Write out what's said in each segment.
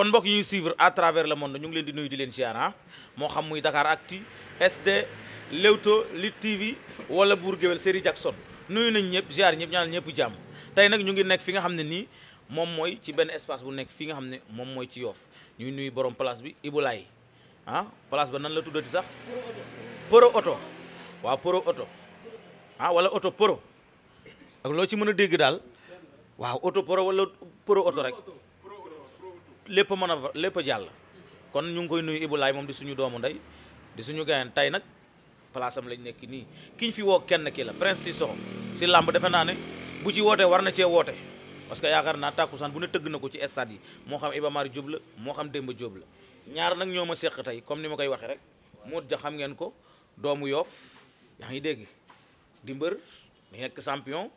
kon mbokk yi ñuy suivre à travers le monde ñu ngi leen di nuyu di leen ziar ah. moo xam muy Dakar Acti SD Leewtoo Lutte TV wala buur Gueweul Série Jackson nuyu nañ ñëpp ziar ñëpp ñaanal ñëpp jàmm tey nag ñu ngi nekk fi nga xam ne nii moom mooy ci benn espace bu nekk fi nga xam ne moom mooy ci yoof ñuy nuyu borom place bi Ibulaay ah place ba nan la tuddati sax Poro Oto waa Poro Oto ah wala Oto Poro ak loo ci mën a dégg daal waaw Oto Poro wala Poro Oto rek lépp mën a lépp a jàll kon ñu ngi koy nuyu Ibulaay moom di suñu doomu ndey di suñu gayan tey nag place am lañ nekk nii kiñ fi woo kenn ki la Prince Sissoko si làmb defe naa ne bu ci wootee war na cee woote parce que yaakaar naa tàkkusaan bu ne tëgg na ko ci stade yi moo xam Iba Mar Diop la moo xam Demba Diop la ñaar nag ñoo ma seq tey comme ni ma koy waxee rek Modou Dia xam ngeen ko doomu yoof yaa ngi dégg di mbër nekk champion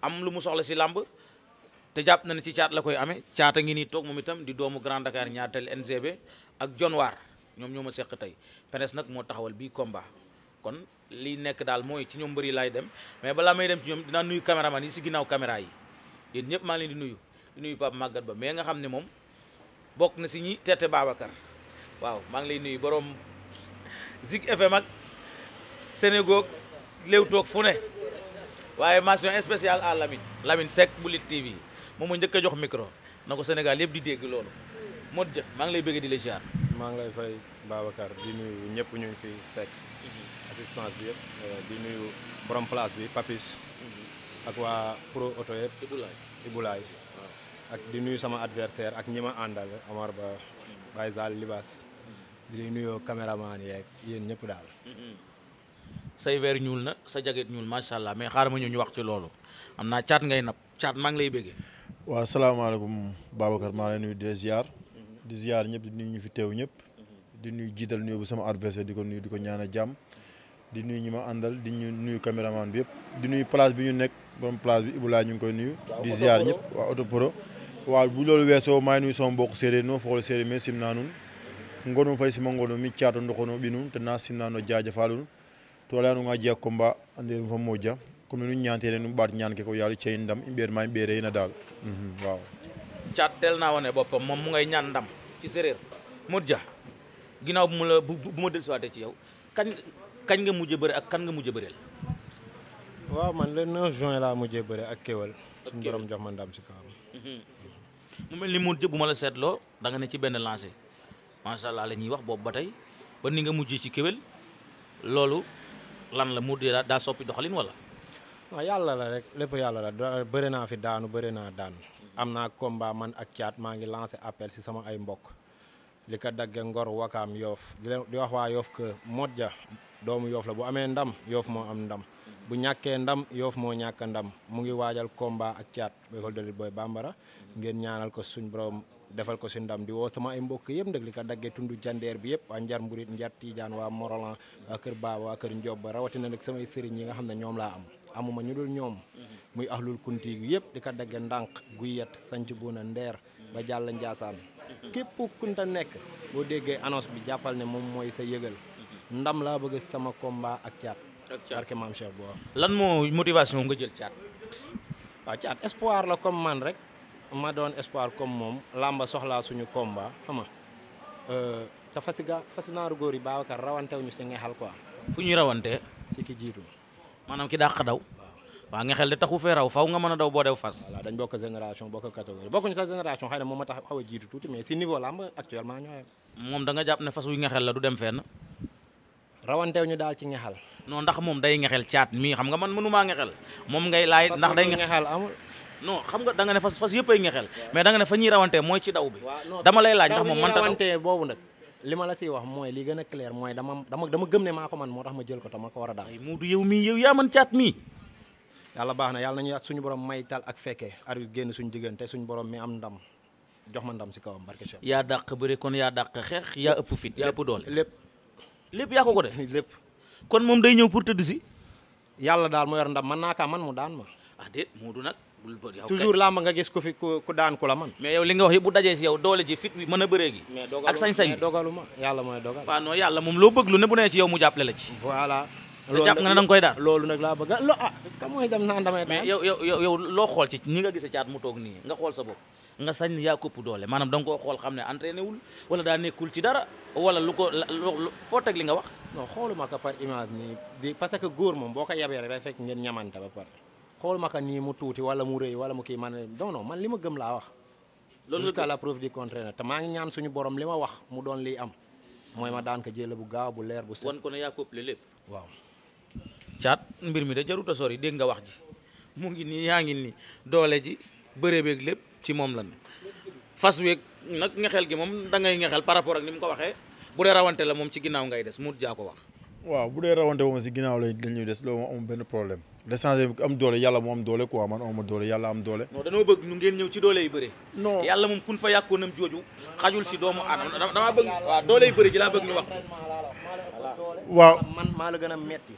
am lu mu soxla si làmb te jàpp na ne ci caat la koy amee caata ngi nii toog moom itam di doomu Grand Dakar ñaartel NGB ak John Waar ñoom ñoo ma seq tey PNS nag moo taxawal bii combat kon li nekk daal mooy ci ñoom bëri laay dem mais balaa may dem ci ñoom dinaa nuyu caméraman yi si ginnaaw caméra yi yéen ñëpp maa ngi leen di nuyu di nuyu Pape Maguette Ba mais nga xam ne moom bokk na si ñi tete Babacar waaw maa ngi lay nuyu borom Zik FM ak Sénégal Leewtoo fu ne waaye mention spéciale à Lamine Lamine Seck bu Lutte TV. moom mu njëkk a jox micro na ko Sénégal yëpp di dégg loolu Modou Dia maa ngi lay bëgg di la maa ngi lay fay Babacar di nuyu ñëpp ñu fi fekk. Mhm. assistance bi yëpp euh, di nuyu borom place bi Papis. Mhm. ak waa pro oto yëpp. Ibulaay ak di nuyu sama adversaire ak ñi ma àndal Amar Ba mhm. Baye Sall Libaas. di nuyoo caméraman yeeg yéen ñëpp daal. say weer ñuul na sa jaget ñuul macha allah mais xaaral ma ñu ñu wax ci loolu am naa caat ngay nap caat maa ngi lay bëggee. waaw salaamaaleykum Babacar maa ngi lay nuyu di ziar di ziar ñëpp di nuyu ñu fi teew ñëpp di nuyu jiital nuyu bu sama adversaire di ko nuyu di ko ñaan a jàmm di nuyu ñi ma àndal di ñu nuyu caméraman bi yëpp di nuyu place bi ñu nekk borom place bi Ibulaay ñu ngi koy nuyu di ziar ñëpp waa Auto waa bu loolu weesoo maa ngi nuyu sama mbokk séeréer noo foxol séeréer mais sim naa nun ngonum fay sima ngonum mi caato ndoxono ɓi nun te naa sim naa no jaajafaalun to layano nga komin ɗum ñanteɗen ɗum ɓaat ñanke ko yo allah ceyn dam yimɓeede ma yimɓeede hena daal mhm, waw cat telna won e ɓoppam moom mu ngay ñaan ndam ci séréer modja ginnaaw bu mu la bu ma ci yow kañ kañ nga mujj bëri ak kan nga mujj bëreel waaw man le 9 laa mujjee bëri ak kéwél suñu borom jox ma ndam si kawam mhm. mu mel ni modja bu ma la seetloo da nga ne ci benn lancé macha allah la ñuy wax boobu ba tey ba ni nga mujj ci kéwel loolu lan la modja daa soppi doxalin wala waaw yàlla la rek lépp yàlla la bëri naa fi daanu bëri naa daan am naa combat man ak caat maa ngi lancé appel si sama ay mbokk li ko dagge ngor wakaam yoof di wax waa yoof que Modja doomu yoof la bu amee ndam yoof moo am ndam bu ñàkkee ndam yoof moo ñàkk ndam mu ngi waajal combat ak caat école de lutte Bambara ngeen ñaanal ko suñ borom defal ko si ndam di woo sama ay mbokk yëpp nag li ko daggee tund jandeer bi yëpp waa njar mburit njar tiijaan waa Morolan waa kër Baaba waa kër Njob ba rawatina nag samay sëriñ yi nga xam ne ñoom laa am amuma ñu dul ñoom muy ahlul kunti yu yëpp di ko dagge ndànk guyet sanc na ndeer ba jàll njaasaan képp kunta nekk boo déggee annonce bi jàppal ne moom mooy sa yëgal ndam laa bëgg sama combat ak caat Bo lan moo motivation nga jël caat waaw caat espoir la comme man rek ma doon espoir comme moom làmba soxlaa suñu komba xam euh, te fasi ga fasi naaru góor yi Babacar rawantewuñu si ngexal quoi fu ñuy rawante si ki jiitu maanaam ki dàq daw waaw nga xel de taxu fee raw faw nga mën a daw boo dew fas moom ma a da nga jàpp ne fas wu ngexel la du dem fenn rawanteew ñu daal ci ngexel non ndax moom day ngexel caat mii xam nga man ngexel moom ngay laay ndax day ngexel amul xam nga da ne fas fas yëpp ngexel mais da ne fa ñuy rawante mooy ci daw bi dama lay laaj ndax moom man rawante li ma la siy wax mooy li gën a clair mooy dama dama dama gëm ne maa ko man moo tax ma jël ko te ma ko war a daan muudu yow mii yow yaa man caat mii yàlla baax na yàlla ñu at suñu borom may tal ak fekkee ar génn suñu diggante suñu borom mi am ndam jox ma ndam si kawam barke Cheikh yaa dàq bëri kon yaa dàq xeex yaa ëpp fit yaa ëpp doole lépp lépp yaa ko ko def lépp kon moom day ñëw pour tëdd si yàlla daal mu yor ndam man naa kaa man mu daan ma ah déet muudu toujours làmb nga gis ku fi ku daan ku la man mais yow li nga wax yëpp bu dajee si yow doole ji fit bi mën a bëree gi ak sañ-sañ dogalu yàlla mooy dogal waaw non yàlla moom loo bëgg lu ne bu nee ci yow mu jàppale la ci voilà loolu jàpp nga ne da nga koy daan loolu nag laa ah, loo xool ci nga gisee caat mu toog nii nga xool sa bopp nga sañ yaa kopp doole maanaam da nga koo xool xam ne entraîné wul wala daa nekkul ci dara wala lu ko foo teg li nga wax non xooluma ko par image nii parce que góor moom boo ko yabee rek day fekk ngeen ñamante ba pare xool ma ko nii mu tuuti wala mu rëy wala mu kii man non non man li ma gëm laa wax. loolu jusqu'à la preuve du contraire na te maa ñaan suñu borom li ma wax mu doon liy am mooy ma daan ko jëlee bu gaaw bu leer bu set. ko ne yaa ko ëppale waaw. caat mbir mi da jarut a sori dégg nga wax ji mu ngi nii yaa ngi nii doole ji bëree beeg lépp ci moom la ne fas weeg nag ngexel gi moom da ngay ngexel par rapport ak ni mu ko waxee bu dee rawante la moom ci ginnaaw ngay des mu jaa ko wax. waaw bu dee rawante moom si ginnaaw la ñuy des loolu moom benn problème. déchangé bi am doole yàlla moo am doole quoi man am ma doole yàlla am doole. non danoo bëgg nu ngeen ñëw ci doole yu bëre. non yàlla moom kun fa yàkkoonam jooju xajul si doomu aadama damaa bëgg waaw wax. waaw man maa la gën a metti.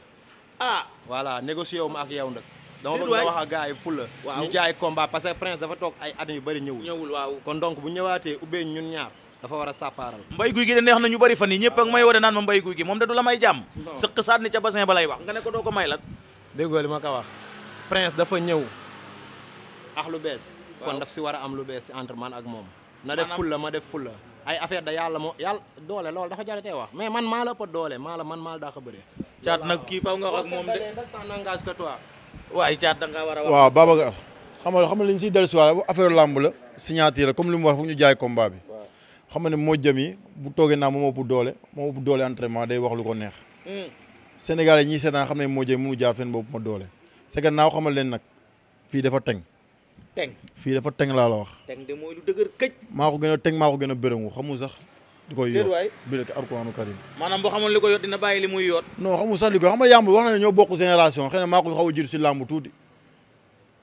ah voilà négocié wu ma ak yow nag. dama bëgg nga wax ak gars yi fula. waaw ñu jaay combat parce que Prince dafa toog ay at yu bëri ñëwul. ñëwul waaw kon donc bu ñëwaatee ubbee ñun ñaar. dafa war a sàppaaral mbay guy gi de na ñu bari fan yi ñëpp ak may war a naan ma mbay guy gi moom da du la may jàmm sëq saat ni ca bassin ba lay wax nga ne ko doo may lat déggoo li ma ko wax prince dafa ñëw ax lu bees kon daf si war a am lu bees si entre man ak moom na def fulla ma def fulla ay affaire da yàlla moo yàlla doole loolu dafa jaratee wax mais man maa la ëpp doole maa la man maa daa ko bëree caat kii faw nga ak moom de engage que waaye caat da nga war a wax waaw Babacar xam nga xam nga li ñu siy dellusiwaat affaire làmb la signature la comme li mu wax fu ñu jaay combat bi xam nga ne moo jëm yi bu toogee naa moom ëpp doole moom ëpp doole entraînement day wax lu ko neex hmm. Sénégal yi ñiy seetaan xam ne moo jëm mënu jaar fenn boobu ma doole c'est que naaw xamal leen nag fii dafa teng. teng fii dafa teng laa la wax. teng de mooy lu dëgër këj. maa ko gën a teng maa ko gën a bërëngu xamul sax. di koy yoot bi rek alquranu karim maanaam boo xamoon li ko yoot bàyyi li muy yoot non xamul sax li koy xam nga yàmbul wax na ne ñoo bokk génération xëy na maa ko xaw a si làmb tuuti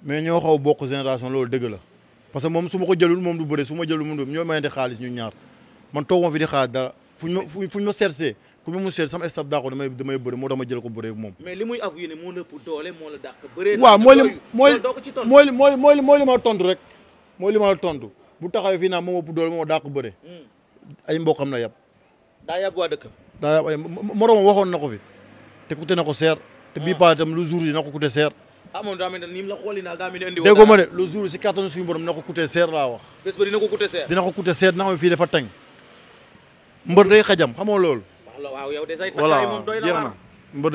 mais ñoo xaw bokk génération loolu dëgg la parce que moom su ma ko jëlul moom du bëre su ma jëlul moom du ñoo mayante xaalis ñu ñaar man toog ma fi di xaar dara fuñ ma fuñ ma seetsee ku bi mu seet sama stade daa ko damay damay bëri moo dama jël ko bëree moom. mais li muy avoué ne moo la ëpp doole moo la dàq bëree. waaw mooy li mooy mooy mooy mooy li ma tontu rek mooy li ma tontu bu taxawee fii naa moom ëpp doole moo dàq bëre. Hmm. ay mbokkam la yab. daa yab waa dëkkam. daa yab ay moroomam waxoon na ko fi te coûté na ko seer. te bii ah. paa itam lu jour yi na ko coûté seer. ah moom daa mel ni la xooli daal daa mel ni indi. dégg ma de lu jour si kattanu suñu borom na ko coûté seer laa wax. bés ba dina ko coûté seer. dina ko coûté seer dina xam ne fii dafa teng mbër day xajam xamoo loolu la waaw yow de say takkaay moom doy la waar mba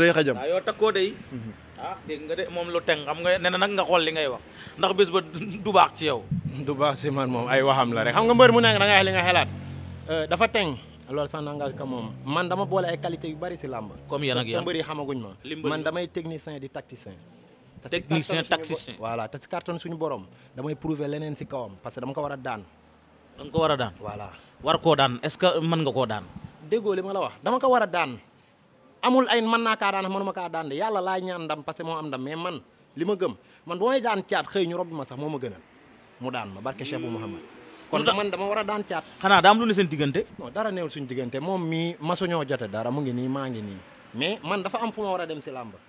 day mhm. ah, dégg nga de moom lu teng xam nga nee na nag nga xool li ngay wax ndax bés ba du baax ci yow du baax si man moom ay waxam la rek xam nga mbër mu nekk da ngay wax li nga xelaat euh, dafa teng loolu sax nangaaj ka moom man dama boole ay qualité yu bari si làmb comme yan ak yan mbër yi xamaguñ ma man damay technicien di tacticien technicien tacticien voilà te si carton suñu borom damay prouver leneen si kawam parce que dama ko war a daan danga war a daan war koo daan est-ce que mën nga koo daan déggoo li ma la wax dama ko war a daan amul ay man naa kaa daan mënuma kaa daan de yàlla laa ñaan ndam parce que moo am ndam mais man li ma gëm man bu may daan caat xëy ñu rob ma sax moom ma gënal mu daan ma barke Cheikh bu Mouhamad kon man dama war a xanaa daa am lu ne seen diggante non dara neewul suñu diggante moom mii masuñoo jote dara mu ngi nii maa ngi nii mais man dafa am fu ma war a dem si làmba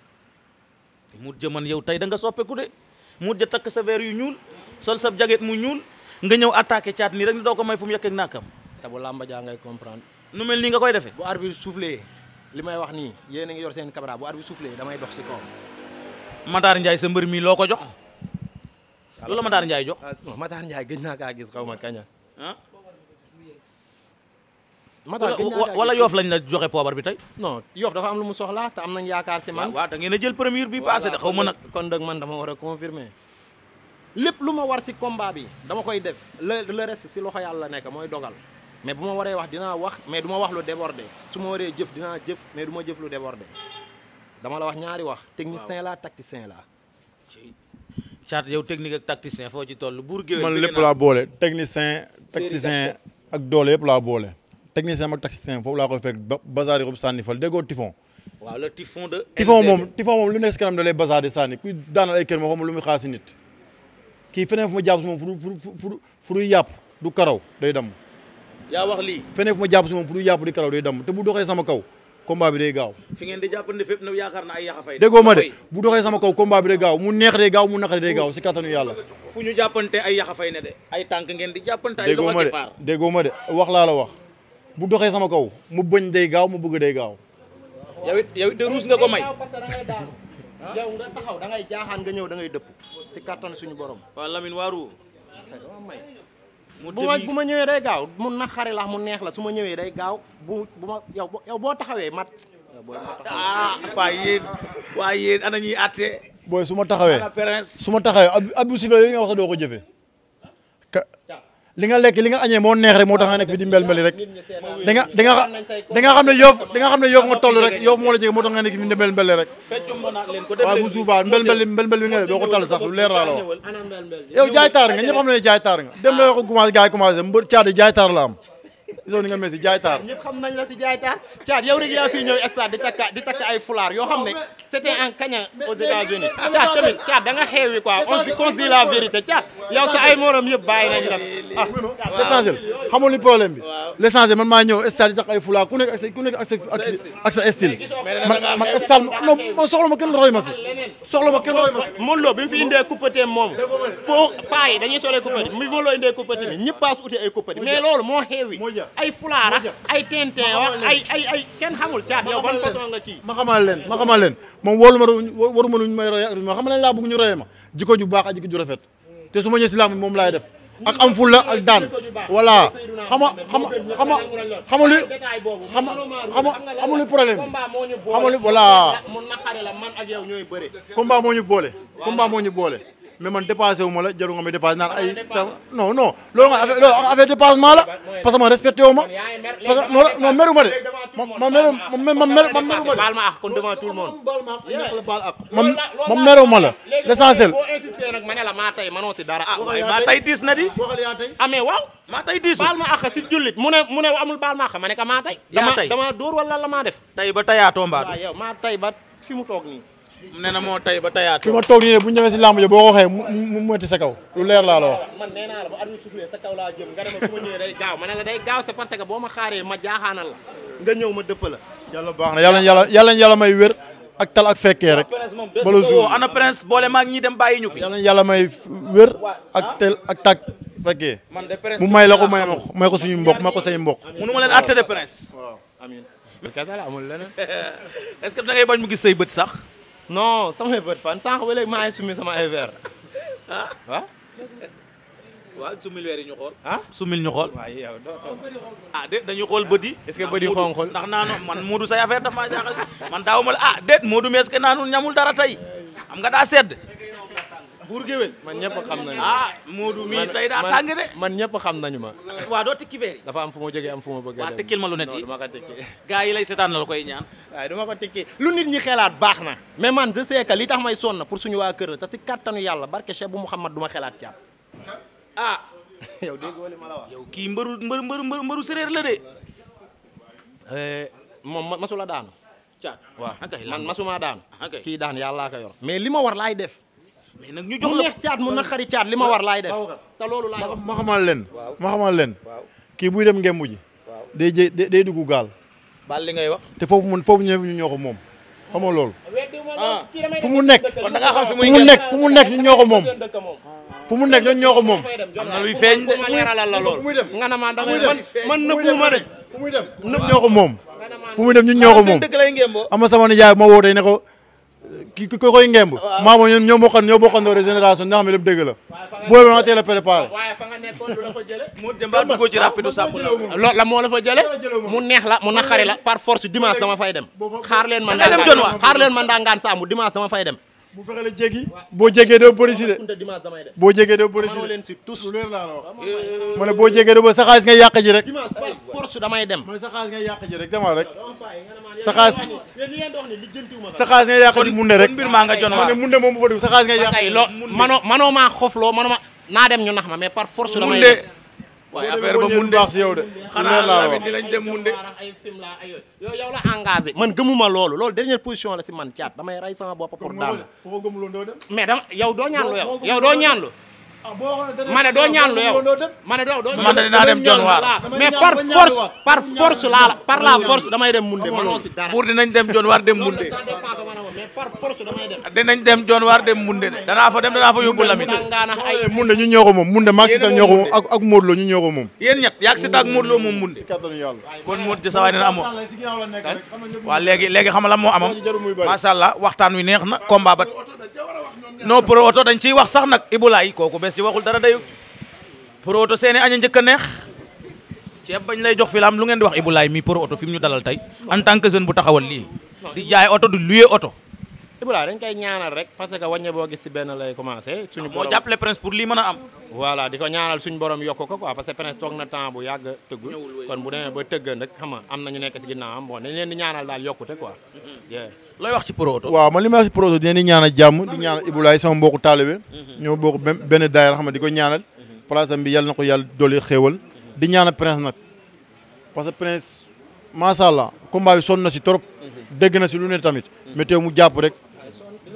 mu jëman yow tey da nga soppeeku de mu ja takk sa verre yu ñuul sol sa jaget mu ñuul nga ñëw attaqué caat nii rek ni doo ko may fu mu yekkeeg bu làmb jaa ngay comprendre nu mel nii nga koy defee. bu arbitre soufflé li may wax nii yéen a ngi yor seen caméra bu arbitre soufflé damay dox si kawam. Matar sa mbër mi loo ko jox. loolu la Matar Ndiaye jox. Ah, Matar Ndiaye naa kaa gis xaw ma kaña. Ah? Matar wala yoof lañ la joxe poobar bi tey. non yoof dafa lu mu soxla te am nañ yaakaar si man. waaw da ngeen jël première bi passé xaw ma nag. kon nag man dama war a confirmer. lépp lu ma war si combat bi dama koy def. le le reste si loxo yàlla nekk mooy dogal. mais bu ma waree wax dinaa wax mais du ma wax lu débordé su ma waree jëf dinaa jëf ma jëf lu débordé dama la wax ñaari wax. technicien laa tacticien laa. Thiat yow technique ak tacticien foo ci toll. buur géwél man lépp laa boole technicien tacticien ak doole yëpp laa boole. technicien ak tacticien foofu laa koy fekk ba bazar yi ko sànni fal déggoo typhon. waaw le typhon de. typhon moom typhon moom lu nekk si kanam da lay di sànni kuy daanal ay kër moom lu muy xaar si nit. kii feneen fu ma jàpp si moom fu fu fu fu yàpp du karaw day dem. yaa wax lii feneen fu ma jàpp si moom fu du jàpp di kalaw day damm te bu doxee sama kaw combat day gaaw di jàppandi fépp na yaakaar na ay yaxa fay déggoo ma de bu doxee sama kaw combat bi day mu neex day gaaw mu naqari day gaaw si kattanu yàlla fu ñu jàppante ay yaxa fay ne tànk ngeen di jàppante ay loxo di faar déggoo ma de wax laa la wax bu doxee sama kaw mu bëñ day gaaw mu bëgg day gaaw yow it yow it de ruus nga ko may yow nga taxaw da ngay jaaxaan nga ñëw da ngay dëpp si kattan suñu borom waa Lamine waaru may bu ma bu ma ñëwee day gaaw mu naqari la mu neex la su ma ñëwee day gaaw bu bu ma yow boo taxawee mat. ah waaye yéen waaye yéen ana ñuy àtte. booy su ma taxawee su ma taxawee ab ab bu sifflet yooyu nga wax doo ko jëfee. li nga lekk li nga añee moo neex rek moo tax nga nekk fi di mbel mbeli rek da nga xam ne yoof da nga xam ne yoof nga toll rek yoof moo la jege moo tax nga nekk fi di mbel mbeli rek waaye bu suubaa mbel mbel mbel mbel nga doo ko sax lu leer laa la wax yow jaay taar nga ñëpp xam ne jaay taar nga dem la ko commencé gars yi jaay taar la am gisoo ni nga mel si jaay taar ñëpp xam nañ la si jaay taar Thiat yow rek yaa fii ñëw stade di takk ay foulard yoo xam ne c'était en Kenya aux États-Unis Thiat tamit Thiat da nga xeewi quoi on la vérité Thiat yow sa ay morom yëpp bàyyi nañ la ah l'essentiel xamul ni problème bi l'essentiel man maa ñëw stade di takk ay foulard ku nekk ak sa man man man soxla ma kenn roy ma si soxla ma kenn roy ma si Modou Lo bi fi indee coupati moom foo paa yi dañuy solee coupati mi Modou Lo indee ay fulaar ak ay tintin ay ay ay kenn xamul caat yow ban façon nga kii ma xamal leen ma xamal leen moom waru ma waru ma nuñ may roye ak ma xam lañ laa bëgg ñu roye ma jikko ju baax a jikko ju rafet te su ma ñëwee si làmb moom laay def ak am fulla ak daan voilà xama xama xama xama lu xama xama xama lu problème xama lu voilà combat moo ñu boole combat moo ñu boole mais man dépassé wu ma la jaru nga may dépassé naan ay. non non loolu nga affaire loolu affaire la parce man respecté wu ma. parce que non de. ma ma kon devant tout le monde. baal ma ak ñàkk la baal ak. ma ma meru ma la ma ne la maa tey manoo si dara. a ah, waaye na di. amee ah, waaw. maa tey diisu baal ma ak si jullit mu ne mu baal ma ak ma ne ka maa tey. yaa tey dama dama dóor wala la maa def. tey ba teyaatoo mbaa. waaw yow maa fi mu toog nee moo tay ba tayaat. fi ma toog nii ne bu ñu si làmb ja boo ko waxee mu mu métti sa kaw lu leer laa la wax. Ah, man nee la bu at mi soufflé sa kaw laa jëm nga ne ma su ma ñëwee day la day gaaw c'est parce que boo ma xaaree ma jaaxaanal la nga ñëw ma dëpp la. yàlla baax na yàlla yàlla yàlla yàlla may wér ak tal ak fekkee rek. bala suuf oh, ana prince boole maag ñi dem bàyyi ñu fi. yàlla yàlla may wér ak ah. tel ak tak fekkee. man de prince mu may la ko may ma ko may ko suñu mbokk may ko say mbokk. mënu ma leen atte de prince. waaw amiin. est-ce bañ mu gis say bët sax non samay bët fan sànq ba léegi maa ngi summi sama ay ah? ah waaw. summil weer ñu xool. ah summil ñu xool. waaw yow doo ah xool bët di est-ce que bët yi xonqul ndax naanu man Moodu say affaire daf maa man daawu ma la ah déet Moodu mais est naanu ñamul dara tey xam nga daa sedd. buur géwél man ñëpp xam nañu ah Modou man ñëpp xam nañu ma waaw doo tekki veer dafa am fu ma jege am fu ma bëgg waaw tekkil ma lu net yi duma ko tekki gars yi lay seetaan la koy ñaan waaw duma ko tekki lu nit xelaat baax na mais man je sais que li tax may sonn pour waa kër la te si kattanu yàlla barke Cheikh bu ma xelaat caat ah yow déggoo li ma la wax yow kii mbëru mbëru mbëru mbëru séréer la de eh, moom masula daanu caat waaw man masuma daanu kii daan yàllaa ko yor mais li ma war laay def mais nag ñu jox la mu neex caat mu naqari caat li ma war laay def te loolu laay wax ma xamal leen ma xamal leen kii buy dem ngemb ji day jë day dugg gaal baal li ngay wax te foofu mun foofu ñëw ñu ñoo ko moom xam nga loolu ah. fu mu nekk fu mu nekk fu mu nekk ñu ñoo ko moom fu mu nekk ñoo ko moom am na luy feeñ de leeralal la loolu nga na ma da man nëbbuma de fu muy dem ñoo ko moom fu muy dem ñun ñoo ko moom ama sama nijaay ma woo tey ne ko ki ki koy ngemb. waaw maa moom ñoom ñoo bokkoon ñoo bokkandoo génération ñoo xam ne lépp dëgg la. booy bi nga nekkoon du la fa jële. mu dem ba dugg ci rapide sàmm la. moo la fa jële mu neex la mu naqari la par force dimanche dama fay dem. xaar leen ma ndangaan xaar leen ma ndangaan sàmm dimanche dama fay dem. mu fexe la boo jégee doo bëri si de boo jégee doo bëri si de tous lu leer laa ne boo jégee doo ba sa xaalis ngay yàq ji rek dimanche par force damay dem ma sa xaalis yàq ji rek demal rek sa xaalis sa xaalis ngay yàq ji mun ne rek maa nga jon ma ne mun ne moom bu fa dugg sa xaalis ngay naa dem ñu nax ma mais par force damay dem waaye affaire ba mun de si yow de xanaa la dinañ dem mun de ay film la ay yow yow la loolu loolu dernière position la si man caat damay rey sama bopp pour daal mais dama yow doo ñaan lu yow yow doo ñaan lu Ah, ma ne doo ñaan lu yow ma ne doo doo man dinaa dem jon waar mais par force par la force damay dem munde manoo ah, si dara dem jon waar dem munde de danaa fa dem danaa fa yóbbu lamit ngaana ay eh, ñu ñoo moom munde maag si ta ñoo moom ak ak Modou ñu ñoo moom yéen ñett yaag si ak Modou Lo moom munde kon Modou Lo sa waay dina amoo waaw léegi léegi xam moo amam macha waxtaan wi neex na combat ba non pour oto dañ ciy wax sax nag ibulaay kooku bees ci waxul dara dayu pour oto seeni añ a njëkk a neex ceeb bañ lay jox fi la lu ngeen di wax ibulaay mi pour oto fi mu ñu dalal tey en tant que jeune bu taxawal lii di jaay oto du luye oto Ibra dañ koy ñaanal rek parce que wàññe boo gis si benn lay commencé. suñu moo jàppale prince pour lii mën a am. voilà di ko ñaanal suñu borom yokk ko quoi parce que prince toog na temps bu yàgg tëgg. kon bu demee ba tëgg nag xam am na nekk si ginnaawam bon dañ leen di ñaanal daal yokkute quoi. Mm-hmm. looy wax ci Pro Auto. man li ma wax si Pro di ñaanal jàmm di ñaanal Ibou Laye sama mbokku taalibe. Mm-hmm. ñoo bokk benn daayira xam di ko ñaanal. Mm-hmm. place am di ñaanal prince nag parce que prince macha allah combat bi sonn si trop. dégg na si lu ne tamit. mais teew mu jàpp rek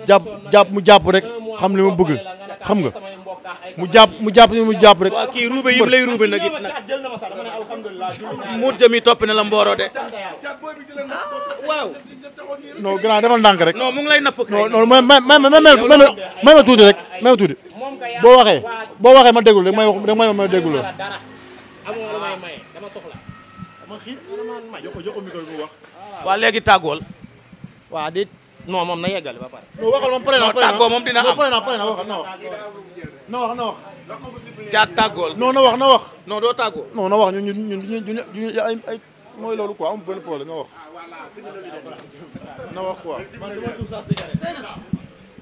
jàpp jàpp mu jàpp rek xam li ma bëgg xam nga mu jàpp mu jàpp ni mu jàpp rek. waaw kii ruube yi mu lay ruube nag it nag muut jëmi topp na la mbooro de. waaw. non grand defal ndànk rek. non mu ngi lay napp kay. non non may may may ma tuuti rek may ma tuuti boo waxee boo waxee ma déglu rek may wax may ma ma déglu la. waa léegi tàggool. waa di. noo moom na yeggale ba pare. non waxal moom na pare na tàggoo moom dina am pare na pare na wax. na wax na wax. caat tàggoo non na wax na wax. non doo tàggoo. non na wax ñun ñun ñun ñun ñun ay ay na wax. ko wax quoi.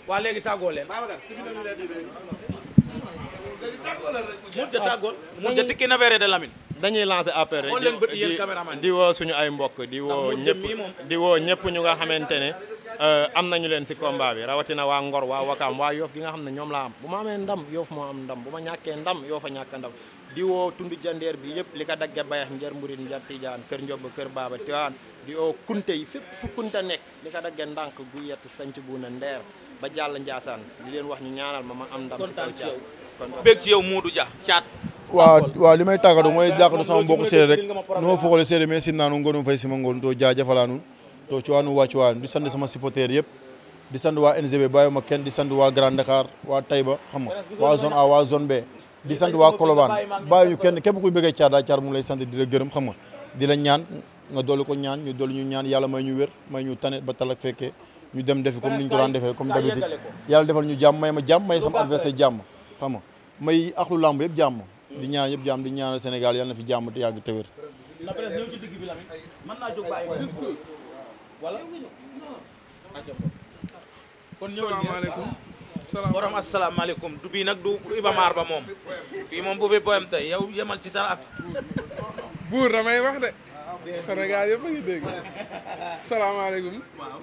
waa léegi tàggoo leen. mujj tàggool ah, mujj tikki na verre de Lamine. dañuy lancer appel di woo suñu ay mbokk di woo ah, ñëpp di woo ñëpp ñu nga xamante ne. Euh, am nañu leen si combat bi rawatina waa Ngor waa Wakaam waa Yoof gi nga xam ne ñoom laa am bu ma amee ndam Yoof moo am ndam bu ma ñàkkee ndam Yoof a ñàkk ndam di woo tund jandeer bi yëpp li ko dagge bayax njër murit njër tijaan kër njoba kër baaba tiwaan di woo kunte yi fépp fu kunte nekk li ko dagge ndànk gu yett sanc bu na ndeer ba jàll njaasaan li leen wax ñu ñaanal ma ma am ndam si kaw caat bég ci yow Modou Dia caat waaw li may tàggatu mooy jàkkatu sama mbokk séeréer rek no ma foogale séeréer mais sin naanu ngonum fay sima ngoon to jafalaanu to ci waanu waa ci waan di sant sama supporter yëpp di sant waa NGB bàyyi ma kenn di sant waa Grand Dakar waa Taïba xam waa zone A waa zone B di sant waa Colobane bàyyi ñu kenn képp kuy bëggee Thiar daal Thiar mu ngi lay sant di la gërëm xam nga di la ñaan nga dolli ko ñaan ñu dolli ñu ñaan yàlla may ñu wér may ñu tane ba talak fekkee ñu dem defi comme ni ñu ko daan defee comme d'habitude yàlla defal ñu jàmm may ma jàmm may sama adversaire jàmm xam nga may axlu làmb di ñaan yëpp jàmm di ñaanal Sénégal yàlla na fi jàmm te yàgg te wér wala aca kon salaamaaleykum borom du bii nag du Iba ba moom fii moom bu fi boyam tey yow yemal ci sa at buur damay wax de Sénégal yëpp a ngi dégg salaamaaleykum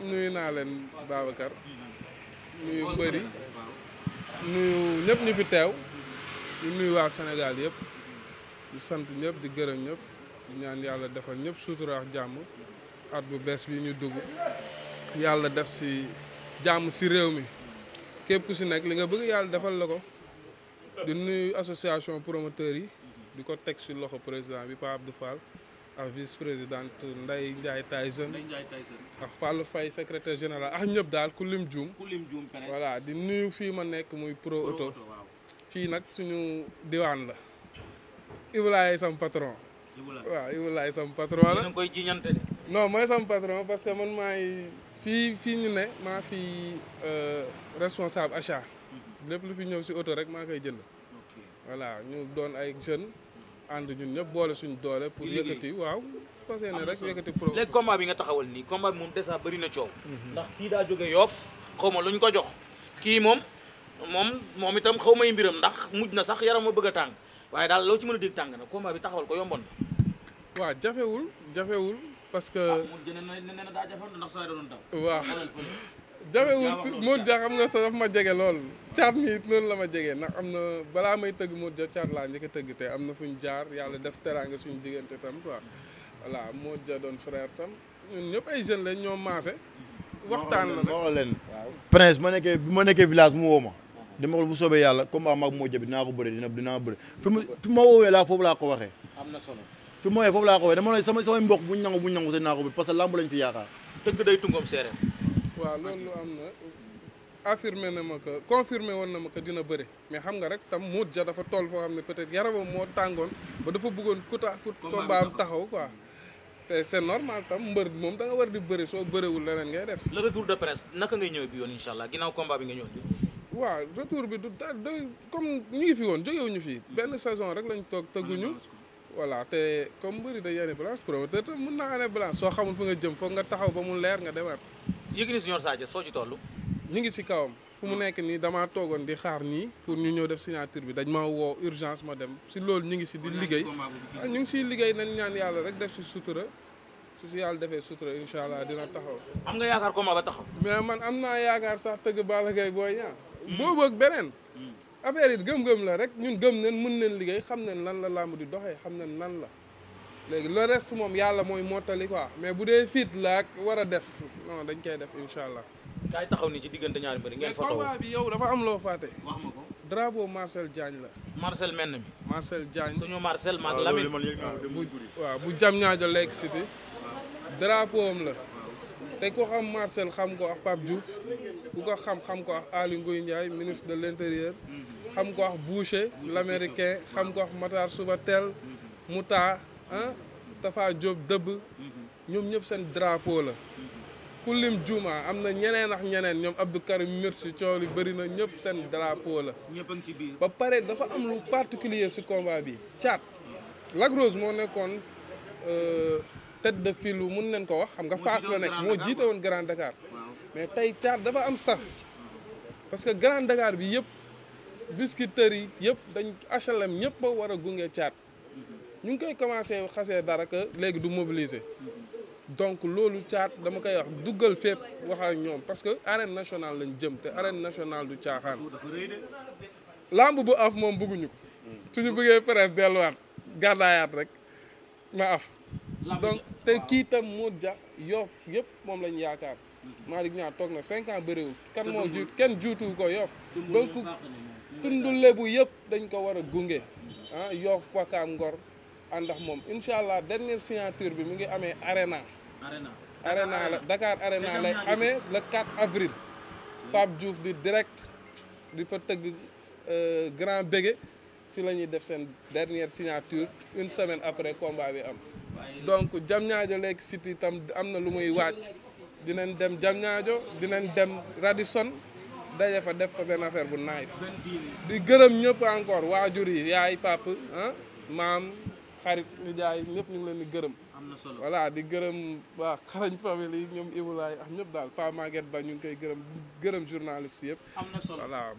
nuyu naa leen Babacar nuyu bëri nuyu ñëpp ñu fi teew ñu nuyu waa Sénégal yëpp di sant ñëpp di gërëm ñëpp di ñaan yàlla defal ñëpp suuturaax jàmm at bu bees bi ñu dugg yàlla def si jàmm si réew mi képp si nekk li nga bëgg yàlla defal la ko di nuyu association promoteur yi di ko teg si loxo président bi Pape Abdou Fall ak vice présidente Ndeye Ndiaye Tyson ak Fallou Faye secretaire général ak ñëpp daal ku lim juum voilà di nuyu fii ma nekk muy pro auto fii nag suñu diwaan la Ibrahima sam patron waaw Ibrahima sam patron la no mooy sama patron parce que man maay fii fii ñu ne maa fi euh, responsable achat lépp lu fi ñëw si oto rek maa kay jënd. voilà ñu doon ay jeunes. ànd ñun ñëpp boole suñu doole. pour yëkkati waaw. parce que ne rek pour pro. léegi combat bi nga taxawal nii combat bi moom déjà bëri na coow. Mhm. ndax kii daa jóge yoof xaw ma ñu ko jox. kii moom moom moom itam xaw may mbiram ndax mujj na sax yaram ma bëgg a tàng waaye daal loo ci mën a dégg tàng na combat bi taxawal ko yomboon na. waaw jafewul jafewul. parce que ah, waaw jafewul si Modou xam nga sa daf ma jege lool caat mi it la ma jege ndax am na balaa may tëgg Modou Dia caat laa njëkk tëgg te am na fu ñu jaar yàlla def teraanga suñu diggante tam quoi voilà Modou Dia doon frère tam ñun ñëpp ay jeunes lañ ñoo maase waxtaan la nag prince ma nekkee bi ma nekkee village mu woo ma dama ko bu soobee yàlla combat maag moo jabi dinaa ko bëre dinaa bëre fi ma fi ma woowee laa foofu laa ko waxee am na solo fi mooyee foofu laa ko wee dama ne sama samay mbokk buñ nangu buñ nangu te naa ko bi parce que fi yaakaar dëgg day tungoom seereen waaw loolu am na affirmé na ma ko confirmé woon na ma ko dina bëre mais xam nga rek tam muut ja dafa tool foo xam ne peut-être yaramam moo tàngoon ba dafa bëggoon kuta kut combat am taxaw quoi te c'est normal tam mbër moom danga war di bëri soo bëriwul leneen ngay def le retour de presse naka ngay ñëw bi yoon incha allah ginnaaw combat bi nga ñëw waaw comme ñu ngi fi woon jógewuñu fii mm. benn saison rek lañ toog tëgguñu voilà te comme mbëri dañuy année blanche promoteur tam mën naa année blanche soo xamul fa nga jëm foog nga taxaw ba mu leer nga demaat. Yékini Junior Sa Thiès foo ci toll. ñu ngi si kawam fu mu nekk nii damaa toogoon di xaar nii pour ñu ñëw def signature bi dañ ma woo urgence ma dem si loolu ñu ngi si di liggéey ah, ñu ngi siy liggéey nañ ñaan yàlla rek def si sutura su defee sutura incha allah dina taxaw. am na yaakaar combat ba taxaw. mais man am naa yaakaar sax tëgg Balla Gaye Boy Niang. boobu ak beneen. affaire yi gëm-gëm la rek ñun gëm nañ mën neen liggéey xam nañ nan la làmb di doxee xam nañ lan la léegi le reste moom yàlla mooy mottali quoi mais bu dee fit la war a def dañ koy def incha kaay taxaw ni ci diggante ñaari mbir ngeen foto combat bi yow dafa am loo fàtte. wax ma ko drapeau Marcel Diagne la. Marcel menn mi. Marcel Diagne suñu Marcel maag Lamine bu waaw bu jam ñaajo Lake City drapeau am la. te ku xam Marcel xam ko ku ko xam xam ko ak Aly Ndiaye ministre de l' xam ko wax Boucher l'américain xam ko wax Matar Soubatel mm-hmm. Mouta ah dafa Diop dëbb mm-hmm. ñoom ñëpp seen drapeau la mm-hmm. ku lim juma am na ñeneen ax ñeneen ñoom Abdou Karim merci coow li bëri na ñëpp seen drapeau la ñëpp a ci biir ba pare dafa am lu particulier si combat bi caat Lac Rose moo nekkoon euh, tête de file mun neen ko wax xam nga Fass la nekk moo jiite woon Grand Dakar mais tey caat dafa am sas parce que Grand Dakar bi yëpp biscuiterie yi yëpp dañ HLM ñëpp a war a gunge caat ñu ngi koy commencé xasee dara que léegi du mobiliser donc loolu caat dama koy wax duggal fépp wax ñoom parce que arène nationale lañ jëm te arène nationale du caaxaan. lamb bu af moom bëgguñu ko. suñu bëggee presse delluwaat gàddaayaat rek ma af. donc te kii tam moo ja yoof yëpp moom lañ yaakaar. Malick Niang toog na cinq ans bëriwul. kenn juutu ko yoof donc tundu lebu yëpp dañ ko war a gunge ah Yoff Wakaam Ngor ànd ak moom incha allah dernière signature bi mu ngi amee arena arena la Dakar arena lay amee le 4 avril Pape Diouf di direct di fa tëgg euh, grand bége si la ñuy def seen dernière signature une semaine après combat bi am donc Diamniadio Lake City tam am na lu muy wàcc dinañ dem Diamniadio dinañ dem Radisson daje fa def fa benn affaire bu nice di gërëm ñëpp encore waa jur yi yaay pap ah maam xarit ñu jaay ñëpp ñu ngi leen di gërëm. am na solo voilà di gërëm waa xarañ famille yi ñoom Ibou ak ñëpp daal Pa Maguette Ba ñu ngi koy gërëm gërëm journaliste yëpp. am na solo